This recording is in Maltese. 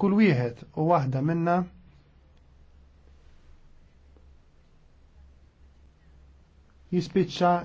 Kull wieħed u waħda minna jispiċċa